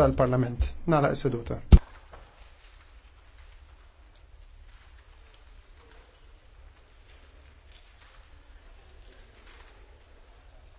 tal-Parlament. Nara s seduta.